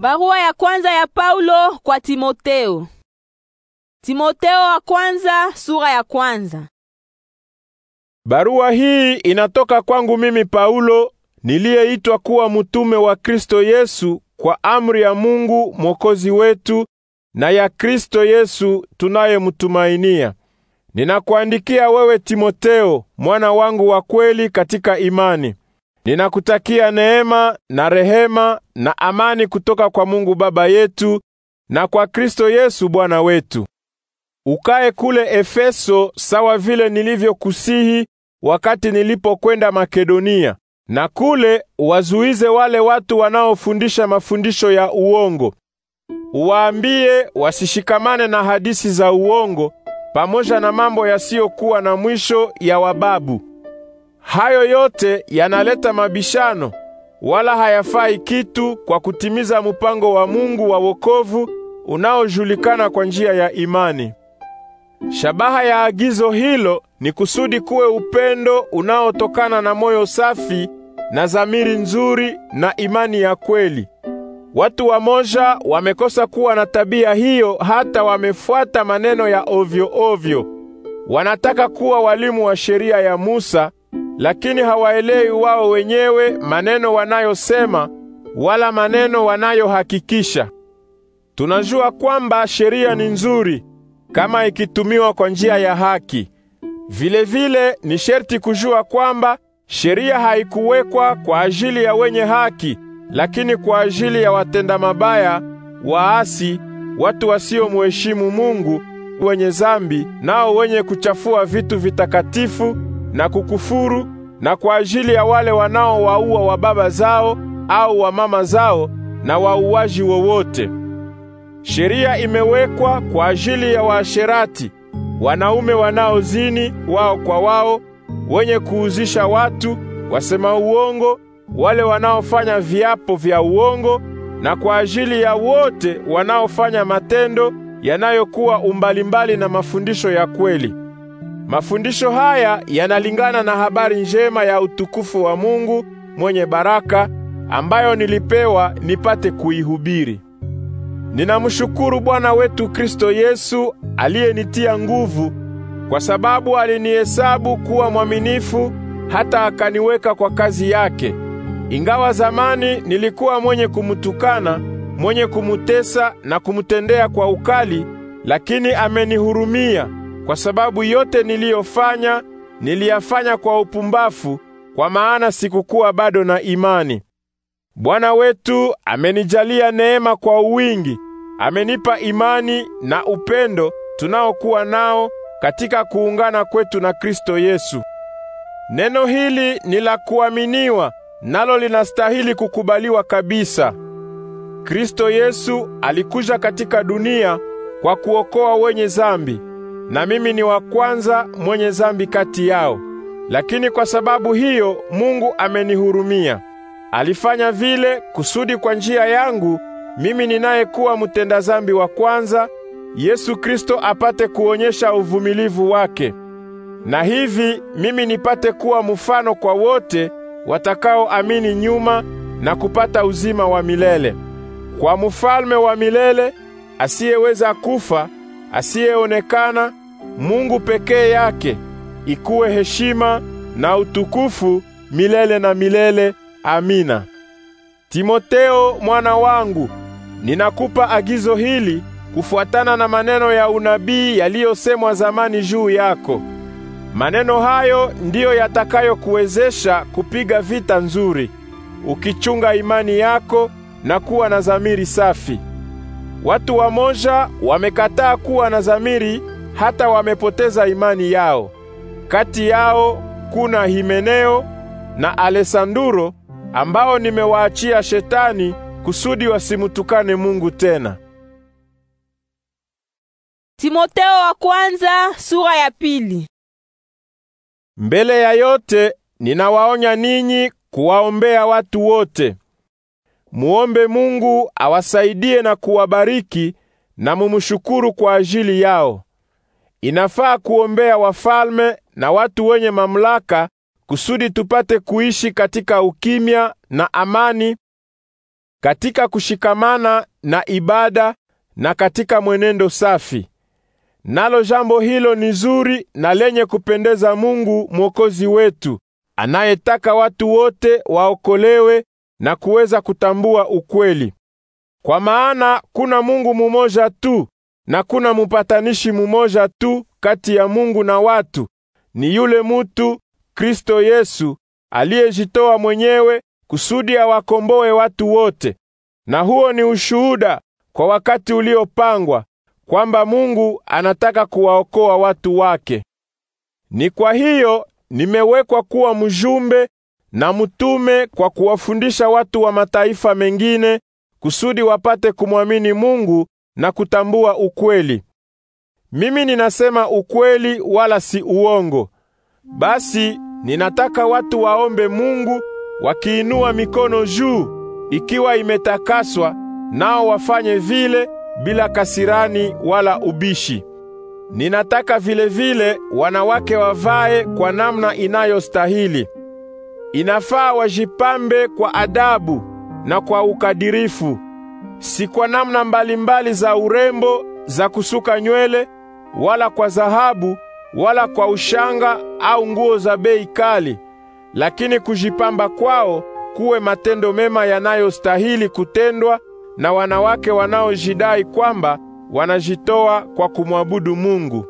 Barua ya kwanza ya Paulo kwa Timoteo. Timoteo wa kwanza, sura ya kwanza. Barua hii inatoka kwangu mimi Paulo niliyeitwa kuwa mtume wa Kristo Yesu kwa amri ya Mungu Mwokozi wetu na ya Kristo Yesu tunayemtumainia. Ninakuandikia wewe Timoteo, mwana wangu wa kweli katika imani. Ninakutakia neema na rehema na amani kutoka kwa Mungu Baba yetu na kwa Kristo Yesu Bwana wetu. Ukae kule Efeso sawa vile nilivyokusihi wakati nilipokwenda Makedonia, na kule wazuize wale watu wanaofundisha mafundisho ya uongo. Uwaambie wasishikamane na hadisi za uongo pamoja na mambo yasiyokuwa na mwisho ya wababu Hayo yote yanaleta mabishano wala hayafai kitu kwa kutimiza mpango wa Mungu wa wokovu unaojulikana kwa njia ya imani. Shabaha ya agizo hilo ni kusudi kuwe upendo unaotokana na moyo safi na zamiri nzuri na imani ya kweli. Watu wamoja wamekosa kuwa na tabia hiyo, hata wamefuata maneno ya ovyo ovyo. Wanataka kuwa walimu wa sheria ya Musa lakini hawaelewi wao wenyewe maneno wanayosema wala maneno wanayohakikisha. Tunajua kwamba sheria ni nzuri kama ikitumiwa kwa njia ya haki. vile vile, ni sherti kujua kwamba sheria haikuwekwa kwa ajili ya wenye haki, lakini kwa ajili ya watenda mabaya, waasi, watu wasiomheshimu Mungu, wenye zambi, nao wenye kuchafua vitu vitakatifu na kukufuru, na kwa ajili ya wale wanaowaua wa baba zao au wa mama zao na wauaji wowote. Sheria imewekwa kwa ajili ya waasherati, wanaume wanaozini wao kwa wao, wenye kuuzisha watu, wasema uongo, wale wanaofanya viapo vya uongo, na kwa ajili ya wote wanaofanya matendo yanayokuwa umbalimbali na mafundisho ya kweli. Mafundisho haya yanalingana na habari njema ya utukufu wa Mungu mwenye baraka ambayo nilipewa nipate kuihubiri. Ninamshukuru Bwana wetu Kristo Yesu aliyenitia nguvu kwa sababu alinihesabu kuwa mwaminifu hata akaniweka kwa kazi yake. Ingawa zamani nilikuwa mwenye kumtukana, mwenye kumutesa na kumtendea kwa ukali, lakini amenihurumia kwa sababu yote niliyofanya niliyafanya kwa upumbavu, kwa maana sikukuwa bado na imani. Bwana wetu amenijalia neema kwa wingi, amenipa imani na upendo tunaokuwa nao katika kuungana kwetu na Kristo Yesu. Neno hili ni la kuaminiwa, nalo linastahili kukubaliwa kabisa. Kristo Yesu alikuja katika dunia kwa kuokoa wenye zambi, na mimi ni wa kwanza mwenye zambi kati yao. Lakini kwa sababu hiyo Mungu amenihurumia. Alifanya vile kusudi kwa njia yangu mimi ninayekuwa mtenda zambi wa kwanza, Yesu Kristo apate kuonyesha uvumilivu wake, na hivi mimi nipate kuwa mfano kwa wote watakaoamini nyuma na kupata uzima wa milele. Kwa mfalme wa milele asiyeweza kufa, asiyeonekana Mungu pekee yake ikuwe heshima na utukufu milele na milele. Amina. Timoteo mwana wangu, ninakupa agizo hili kufuatana na maneno ya unabii yaliyosemwa zamani juu yako. Maneno hayo ndiyo yatakayokuwezesha kupiga vita nzuri, ukichunga imani yako na kuwa na zamiri safi. Watu wamoja wamekataa kuwa na zamiri hata wamepoteza imani yao. Kati yao kuna Himeneo na Alesanduro ambao nimewaachia Shetani kusudi wasimtukane Mungu tena. Timoteo wa kwanza, sura ya pili. Mbele ya yote ninawaonya ninyi kuwaombea watu wote. Muombe Mungu awasaidie na kuwabariki na mumshukuru kwa ajili yao. Inafaa kuombea wafalme na watu wenye mamlaka kusudi tupate kuishi katika ukimya na amani, katika kushikamana na ibada na katika mwenendo safi. Nalo jambo hilo ni zuri na lenye kupendeza Mungu Mwokozi wetu, anayetaka watu wote waokolewe na kuweza kutambua ukweli. Kwa maana kuna Mungu mumoja tu na kuna mupatanishi mumoja tu kati ya Mungu na watu, ni yule mutu Kristo Yesu aliyejitoa mwenyewe kusudi awakomboe watu wote. Na huo ni ushuhuda kwa wakati uliopangwa kwamba Mungu anataka kuwaokoa watu wake. Ni kwa hiyo nimewekwa kuwa mjumbe na mtume kwa kuwafundisha watu wa mataifa mengine kusudi wapate kumwamini Mungu na kutambua ukweli. Mimi ninasema ukweli wala si uongo. Basi ninataka watu waombe Mungu wakiinua mikono juu ikiwa imetakaswa, nao wafanye vile bila kasirani wala ubishi. Ninataka vile vile wanawake wavae kwa namna inayostahili. Inafaa wajipambe kwa adabu na kwa ukadirifu si kwa namna mbalimbali za urembo za kusuka nywele wala kwa dhahabu wala kwa ushanga au nguo za bei kali, lakini kujipamba kwao kuwe matendo mema yanayostahili kutendwa na wanawake wanaojidai kwamba wanajitoa kwa kumwabudu Mungu.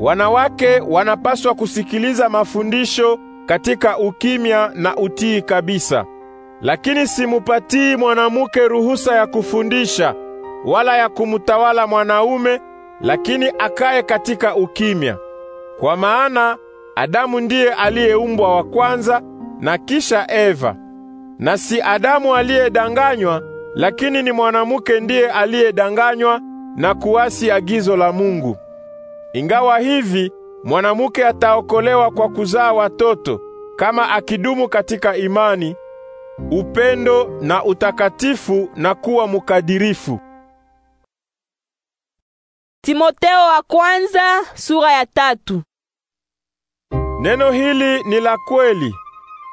Wanawake wanapaswa kusikiliza mafundisho katika ukimya na utii kabisa. Lakini simupatii mwanamke ruhusa ya kufundisha wala ya kumtawala mwanaume, lakini akae katika ukimya. Kwa maana Adamu ndiye aliyeumbwa wa kwanza na kisha Eva. Na si Adamu aliyedanganywa, lakini ni mwanamke ndiye aliyedanganywa na kuasi agizo la Mungu. Ingawa hivi, mwanamke ataokolewa kwa kuzaa watoto kama akidumu katika imani upendo na utakatifu na kuwa mukadirifu. Timoteo wa kwanza sura ya tatu. Neno hili ni la kweli.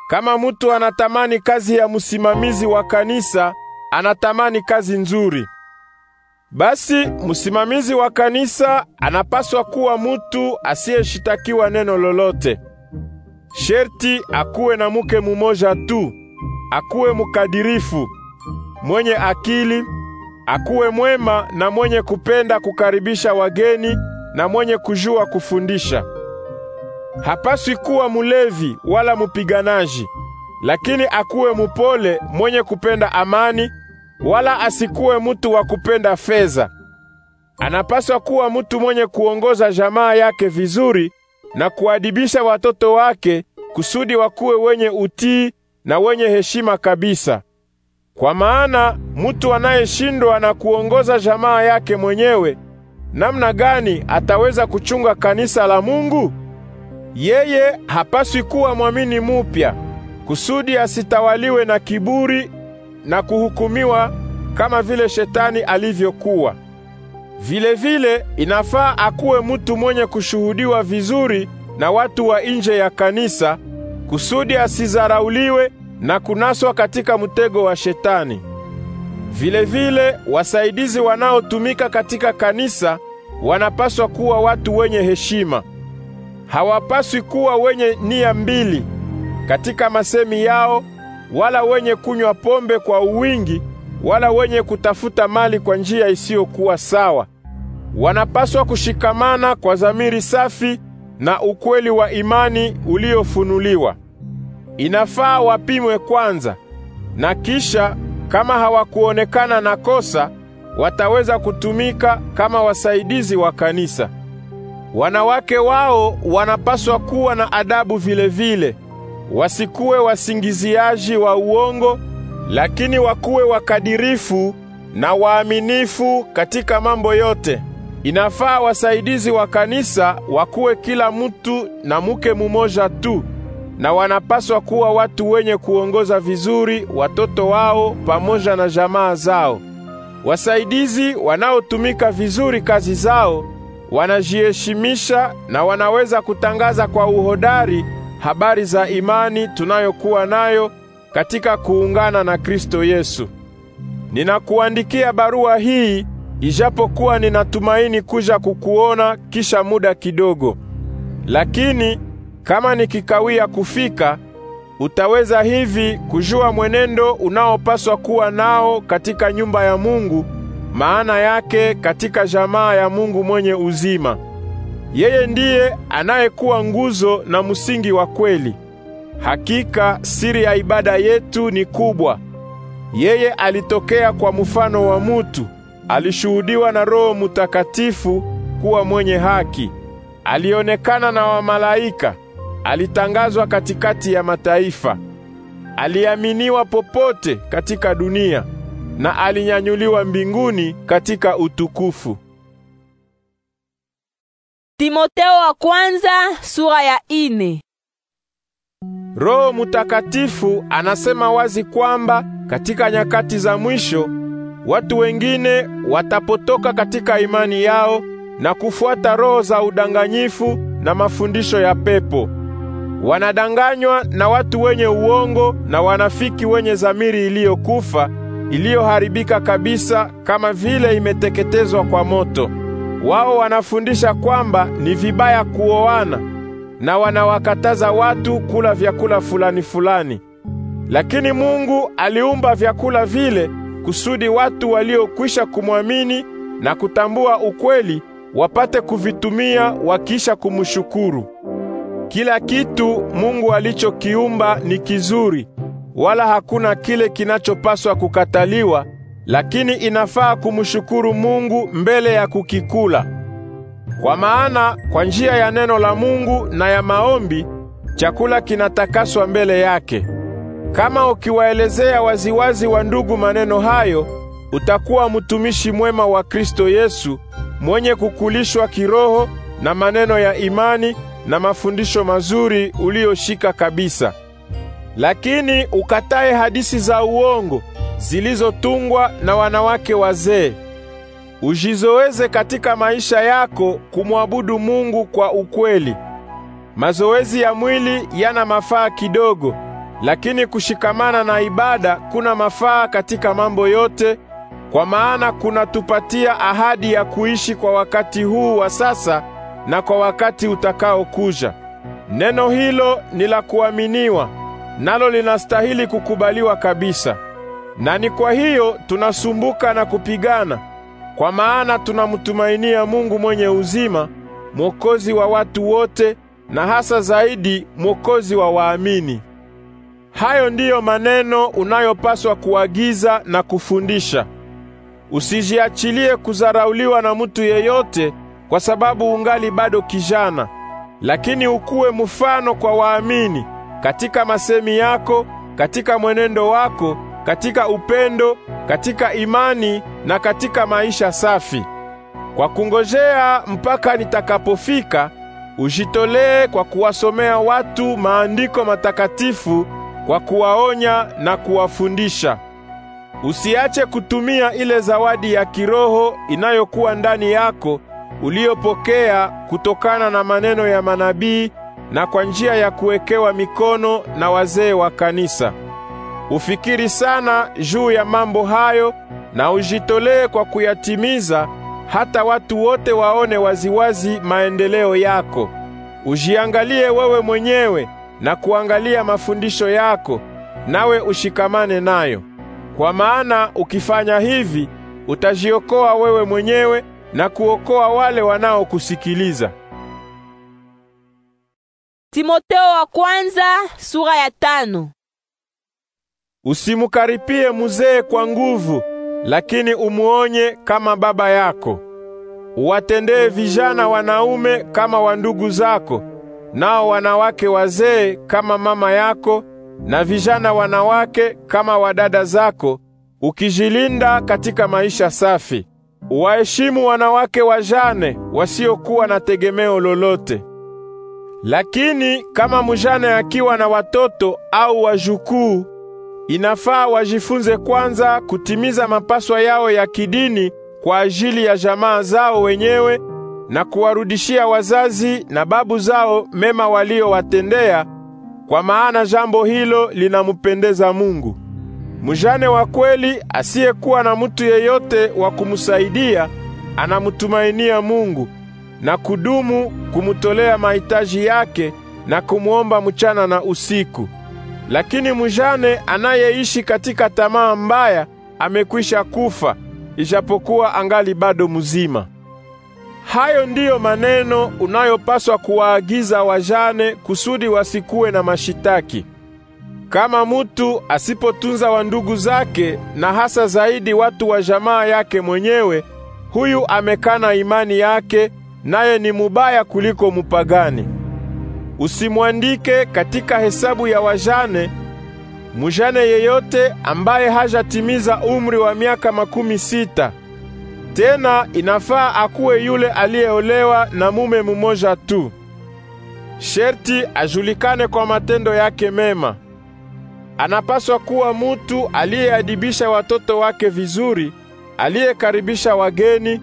Kama mtu anatamani kazi ya msimamizi wa kanisa, anatamani kazi nzuri. Basi msimamizi wa kanisa anapaswa kuwa mutu asiyeshitakiwa neno lolote. Sherti akuwe na muke mumoja tu akuwe mkadirifu, mwenye akili, akuwe mwema na mwenye kupenda kukaribisha wageni na mwenye kujua kufundisha. Hapaswi kuwa mulevi wala mpiganaji, lakini akuwe mupole, mwenye kupenda amani, wala asikuwe mtu wa kupenda fedha. Anapaswa kuwa mtu mwenye kuongoza jamaa yake vizuri na kuadibisha watoto wake kusudi wakuwe wenye utii na wenye heshima kabisa, kwa maana mtu anayeshindwa na kuongoza jamaa yake mwenyewe namna gani ataweza kuchunga kanisa la Mungu? Yeye hapaswi kuwa mwamini mupya kusudi asitawaliwe na kiburi na kuhukumiwa kama vile shetani alivyokuwa. vile vile inafaa akuwe mtu mwenye kushuhudiwa vizuri na watu wa nje ya kanisa kusudi asizarauliwe na kunaswa katika mtego wa Shetani. vile vile, wasaidizi wanaotumika katika kanisa wanapaswa kuwa watu wenye heshima. Hawapaswi kuwa wenye nia mbili katika masemi yao, wala wenye kunywa pombe kwa uwingi, wala wenye kutafuta mali kwa njia isiyokuwa sawa. Wanapaswa kushikamana kwa dhamiri safi na ukweli wa imani uliofunuliwa inafaa wapimwe kwanza, na kisha kama hawakuonekana na kosa wataweza kutumika kama wasaidizi wa kanisa. Wanawake wao wanapaswa kuwa na adabu vile vile, wasikuwe wasingiziaji wa uongo, lakini wakuwe wakadirifu na waaminifu katika mambo yote. Inafaa wasaidizi wa kanisa wakuwe kila mtu na muke mumoja tu na wanapaswa kuwa watu wenye kuongoza vizuri watoto wao pamoja na jamaa zao. Wasaidizi wanaotumika vizuri kazi zao wanajiheshimisha na wanaweza kutangaza kwa uhodari habari za imani tunayokuwa nayo katika kuungana na Kristo Yesu. Ninakuandikia barua hii ijapokuwa ninatumaini kuja kukuona kisha muda kidogo. Lakini kama nikikawia kufika, utaweza hivi kujua mwenendo unaopaswa kuwa nao katika nyumba ya Mungu, maana yake katika jamaa ya Mungu mwenye uzima. Yeye ndiye anayekuwa nguzo na msingi wa kweli. Hakika siri ya ibada yetu ni kubwa. Yeye alitokea kwa mfano wa mutu, alishuhudiwa na Roho Mutakatifu kuwa mwenye haki, alionekana na wamalaika Alitangazwa katikati ya mataifa, aliaminiwa popote katika dunia na alinyanyuliwa mbinguni katika utukufu. Timoteo wa kwanza sura ya ine. Roho Mutakatifu anasema wazi kwamba katika nyakati za mwisho watu wengine watapotoka katika imani yao na kufuata roho za udanganyifu na mafundisho ya pepo wanadanganywa na watu wenye uongo na wanafiki wenye zamiri iliyokufa, iliyoharibika kabisa, kama vile imeteketezwa kwa moto. Wao wanafundisha kwamba ni vibaya kuoana na wanawakataza watu kula vyakula fulani fulani. Lakini Mungu aliumba vyakula vile kusudi watu waliokwisha kumwamini na kutambua ukweli wapate kuvitumia wakiisha kumshukuru. Kila kitu Mungu alichokiumba ni kizuri, wala hakuna kile kinachopaswa kukataliwa, lakini inafaa kumshukuru Mungu mbele ya kukikula. Kwa maana kwa njia ya neno la Mungu na ya maombi chakula kinatakaswa mbele yake. Kama ukiwaelezea waziwazi wa ndugu maneno hayo, utakuwa mtumishi mwema wa Kristo Yesu, mwenye kukulishwa kiroho na maneno ya imani na mafundisho mazuri uliyoshika kabisa. Lakini ukatae hadisi za uongo zilizotungwa na wanawake wazee. Ujizoeze katika maisha yako kumwabudu Mungu kwa ukweli. Mazoezi ya mwili yana mafaa kidogo, lakini kushikamana na ibada kuna mafaa katika mambo yote, kwa maana kunatupatia ahadi ya kuishi kwa wakati huu wa sasa na kwa wakati utakaokuja. Neno hilo ni la kuaminiwa, nalo linastahili kukubaliwa kabisa. Na ni kwa hiyo tunasumbuka na kupigana, kwa maana tunamtumainia Mungu mwenye uzima, mwokozi wa watu wote, na hasa zaidi mwokozi wa waamini. Hayo ndiyo maneno unayopaswa kuagiza na kufundisha. Usijiachilie kuzarauliwa na mtu yeyote kwa sababu ungali bado kijana, lakini ukuwe mfano kwa waamini katika masemi yako, katika mwenendo wako, katika upendo, katika imani na katika maisha safi. Kwa kungojea mpaka nitakapofika, ujitolee kwa kuwasomea watu maandiko matakatifu, kwa kuwaonya na kuwafundisha. Usiache kutumia ile zawadi ya kiroho inayokuwa ndani yako uliopokea kutokana na maneno ya manabii na kwa njia ya kuwekewa mikono na wazee wa kanisa. Ufikiri sana juu ya mambo hayo na ujitolee kwa kuyatimiza, hata watu wote waone waziwazi maendeleo yako. Ujiangalie wewe mwenyewe na kuangalia mafundisho yako, nawe ushikamane nayo, kwa maana ukifanya hivi utajiokoa wewe mwenyewe na kuokoa wale wanaokusikiliza. Timoteo wa kwanza, sura ya tano. Usimukaripie muzee kwa nguvu, lakini umuonye kama baba yako. Uwatendee vijana wanaume kama wandugu zako, nao wanawake wazee kama mama yako, na vijana wanawake kama wadada zako, ukijilinda katika maisha safi. Waheshimu wanawake wajane wasiokuwa na tegemeo lolote. Lakini kama mjane akiwa na watoto au wajukuu, inafaa wajifunze kwanza kutimiza mapaswa yao ya kidini kwa ajili ya jamaa zao wenyewe na kuwarudishia wazazi na babu zao mema waliowatendea, kwa maana jambo hilo linamupendeza Mungu. Mjane wa kweli asiyekuwa na mtu yeyote wa kumsaidia anamtumainia Mungu na kudumu kumutolea mahitaji yake na kumwomba mchana na usiku. Lakini mjane anayeishi katika tamaa mbaya amekwisha kufa, ijapokuwa angali bado mzima. Hayo ndiyo maneno unayopaswa kuwaagiza wajane kusudi wasikuwe na mashitaki. Kama mutu asipotunza wandugu zake na hasa zaidi watu wa jamaa yake mwenyewe, huyu amekana imani yake, naye ni mubaya kuliko mupagani. Usimwandike katika hesabu ya wajane mujane yeyote ambaye hajatimiza umri wa miaka makumi sita. Tena inafaa akuwe yule aliyeolewa na mume mumoja tu. Sherti ajulikane kwa matendo yake mema. Anapaswa kuwa mutu aliyeadibisha watoto wake vizuri, aliyekaribisha wageni,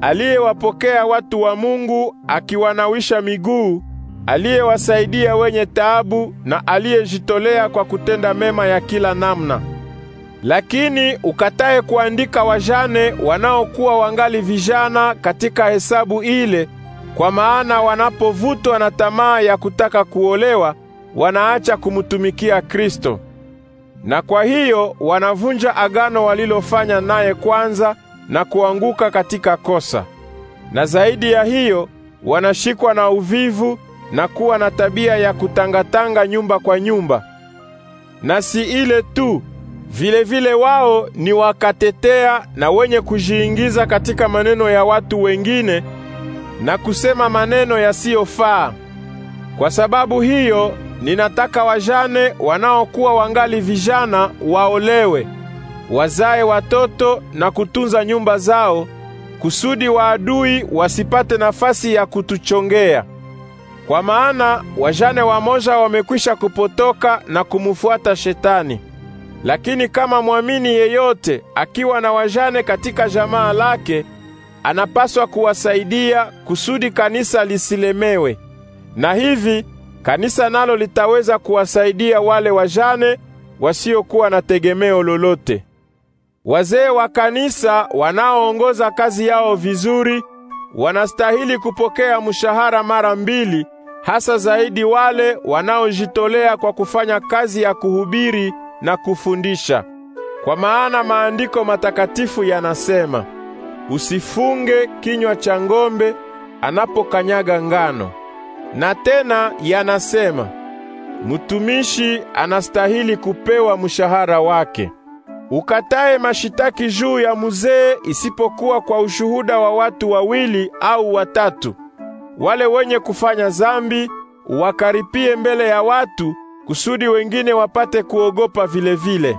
aliyewapokea watu wa Mungu akiwanawisha miguu, aliyewasaidia wenye taabu na aliyejitolea kwa kutenda mema ya kila namna. Lakini ukatae kuandika wajane wanaokuwa wangali vijana katika hesabu ile, kwa maana wanapovutwa na tamaa ya kutaka kuolewa wanaacha kumtumikia Kristo, na kwa hiyo wanavunja agano walilofanya naye kwanza na kuanguka katika kosa. Na zaidi ya hiyo, wanashikwa na uvivu na kuwa na tabia ya kutangatanga nyumba kwa nyumba. Na si ile tu, vilevile vile wao ni wakatetea na wenye kujiingiza katika maneno ya watu wengine na kusema maneno yasiyofaa. Kwa sababu hiyo ninataka wajane wanaokuwa wangali vijana waolewe, wazae watoto na kutunza nyumba zao, kusudi waadui wasipate nafasi ya kutuchongea. Kwa maana wajane wamoja wamekwisha kupotoka na kumfuata Shetani. Lakini kama mwamini yeyote akiwa na wajane katika jamaa lake, anapaswa kuwasaidia kusudi kanisa lisilemewe na hivi kanisa nalo litaweza kuwasaidia wale wajane wasiokuwa na tegemeo lolote. Wazee wa kanisa wanaoongoza kazi yao vizuri wanastahili kupokea mshahara mara mbili, hasa zaidi wale wanaojitolea kwa kufanya kazi ya kuhubiri na kufundisha. Kwa maana maandiko matakatifu yanasema, usifunge kinywa cha ng'ombe anapokanyaga ngano. Na tena yanasema, mtumishi anastahili kupewa mshahara wake. Ukatae mashitaki juu ya muzee isipokuwa kwa ushuhuda wa watu wawili au watatu. Wale wenye kufanya zambi wakaripie mbele ya watu kusudi wengine wapate kuogopa vilevile vile.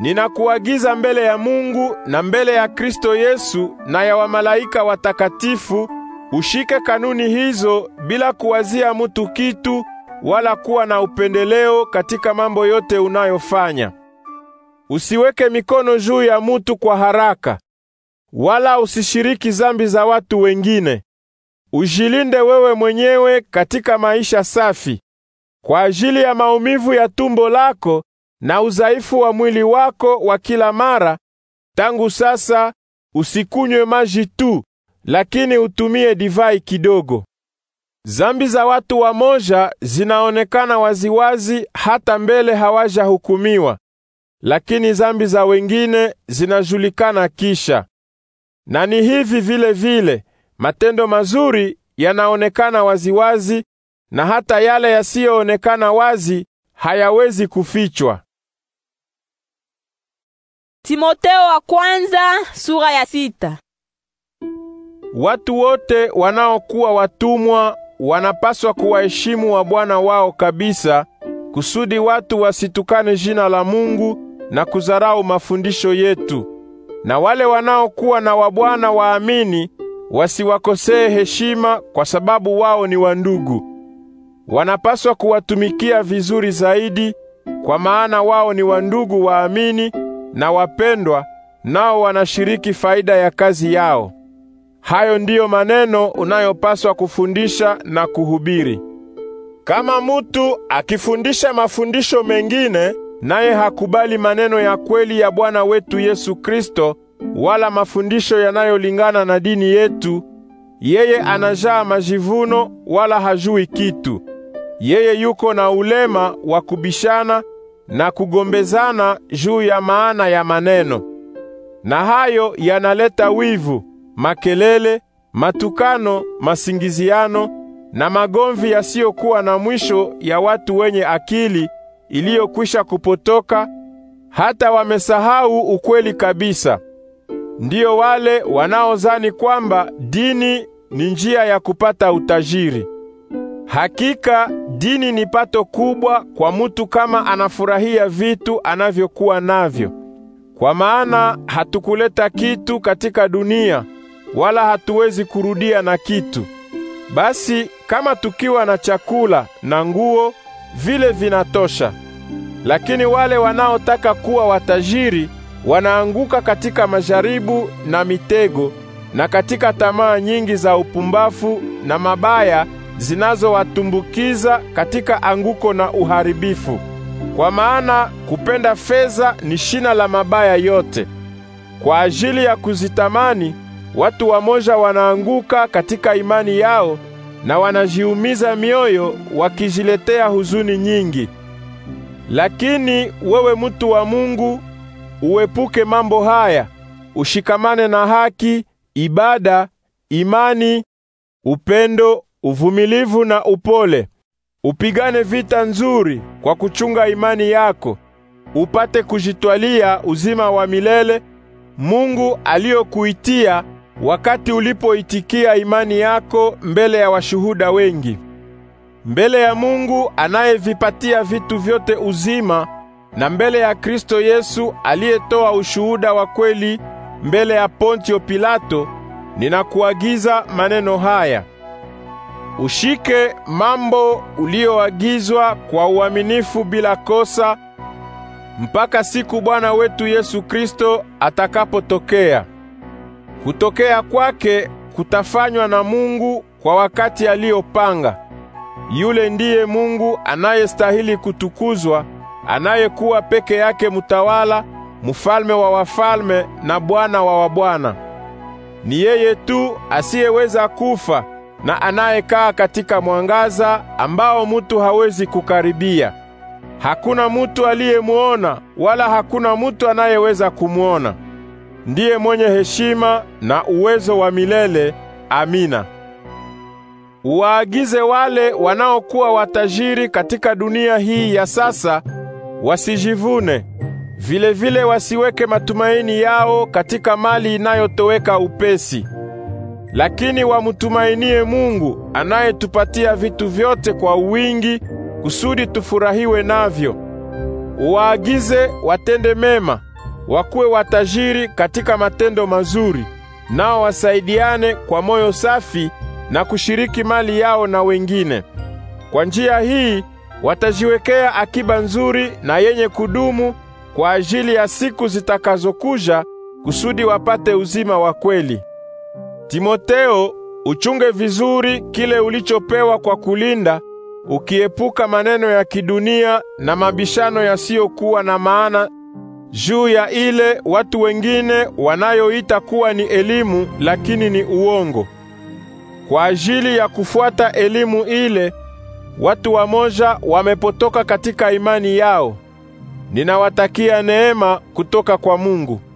Ninakuagiza mbele ya Mungu na mbele ya Kristo Yesu na ya wamalaika watakatifu Ushike kanuni hizo bila kuwazia mtu kitu wala kuwa na upendeleo katika mambo yote unayofanya. Usiweke mikono juu ya mutu kwa haraka, wala usishiriki zambi za watu wengine. Ujilinde wewe mwenyewe katika maisha safi, kwa ajili ya maumivu ya tumbo lako na udhaifu wa mwili wako wa kila mara. Tangu sasa usikunywe maji tu, lakini utumie divai kidogo. Zambi za watu wamoja zinaonekana waziwazi hata mbele hawajahukumiwa, lakini zambi za wengine zinajulikana kisha. Na ni hivi vile vile matendo mazuri yanaonekana waziwazi, na hata yale yasiyoonekana wazi hayawezi kufichwa. Timoteo wa kwanza sura ya sita. Watu wote wanaokuwa watumwa wanapaswa kuwaheshimu wabwana wao kabisa, kusudi watu wasitukane jina la Mungu na kuzarau mafundisho yetu. Na wale wanaokuwa na wabwana waamini wasiwakosee heshima, kwa sababu wao ni wandugu. Wanapaswa kuwatumikia vizuri zaidi, kwa maana wao ni wandugu waamini na wapendwa, nao wanashiriki faida ya kazi yao. Hayo ndiyo maneno unayopaswa kufundisha na kuhubiri. Kama mutu akifundisha mafundisho mengine naye hakubali maneno ya kweli ya Bwana wetu Yesu Kristo wala mafundisho yanayolingana na dini yetu, yeye anajaa majivuno wala hajui kitu. Yeye yuko na ulema wa kubishana na kugombezana juu ya maana ya maneno, na hayo yanaleta wivu makelele, matukano, masingiziano na magomvi yasiyokuwa na mwisho ya watu wenye akili iliyokwisha kupotoka hata wamesahau ukweli kabisa. Ndiyo wale wanaozani kwamba dini ni njia ya kupata utajiri. Hakika dini ni pato kubwa kwa mutu kama anafurahia vitu anavyokuwa navyo. Kwa maana hatukuleta kitu katika dunia wala hatuwezi kurudia na kitu. Basi kama tukiwa na chakula na nguo, vile vinatosha. Lakini wale wanaotaka kuwa watajiri wanaanguka katika majaribu na mitego na katika tamaa nyingi za upumbafu na mabaya zinazowatumbukiza katika anguko na uharibifu. Kwa maana kupenda fedha ni shina la mabaya yote. Kwa ajili ya kuzitamani Watu wamoja wanaanguka katika imani yao na wanajiumiza mioyo wakijiletea huzuni nyingi. Lakini wewe mtu wa Mungu, uepuke mambo haya, ushikamane na haki, ibada, imani, upendo, uvumilivu na upole. Upigane vita nzuri kwa kuchunga imani yako, upate kujitwalia uzima wa milele Mungu aliyokuitia wakati ulipoitikia imani yako mbele ya washuhuda wengi. Mbele ya Mungu anayevipatia vitu vyote uzima na mbele ya Kristo Yesu aliyetoa ushuhuda wa kweli mbele ya Pontio Pilato, ninakuagiza maneno haya. Ushike mambo uliyoagizwa kwa uaminifu bila kosa mpaka siku Bwana wetu Yesu Kristo atakapotokea. Kutokea kwake kutafanywa na Mungu kwa wakati aliyopanga. Yule ndiye Mungu anayestahili kutukuzwa, anayekuwa peke yake mutawala, mfalme wa wafalme na Bwana wa wabwana. Ni yeye tu asiyeweza kufa na anayekaa katika mwangaza ambao mutu hawezi kukaribia. Hakuna mutu aliyemuona wala hakuna mutu anayeweza kumwona ndiye mwenye heshima na uwezo wa milele. Amina. Waagize wale wanaokuwa watajiri katika dunia hii ya sasa wasijivune, vilevile vile wasiweke matumaini yao katika mali inayotoweka upesi, lakini wamtumainie Mungu anayetupatia vitu vyote kwa wingi kusudi tufurahiwe navyo. Waagize watende mema wakuwe watajiri katika matendo mazuri, nao wasaidiane kwa moyo safi na kushiriki mali yao na wengine. Kwa njia hii watajiwekea akiba nzuri na yenye kudumu kwa ajili ya siku zitakazokuja, kusudi wapate uzima wa kweli. Timoteo, uchunge vizuri kile ulichopewa kwa kulinda, ukiepuka maneno ya kidunia na mabishano yasiyokuwa na maana juu ya ile watu wengine wanayoita kuwa ni elimu, lakini ni uongo. Kwa ajili ya kufuata elimu ile, watu wamoja wamepotoka katika imani yao. Ninawatakia neema kutoka kwa Mungu.